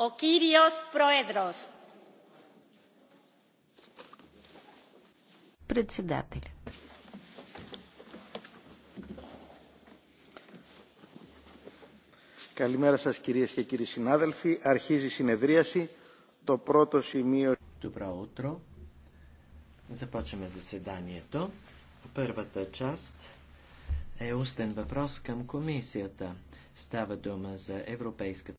ο κύριος Πρόεδρος. Председателят. Καλημέρα σας κυρίες και κύριοι συνάδελφοι. Αρχίζει η συνεδρίαση. Το πρώτο σημείο... Добро утро. Започваме заседанието. Първата част е устен въпрос към комисията. Става дума за Европейската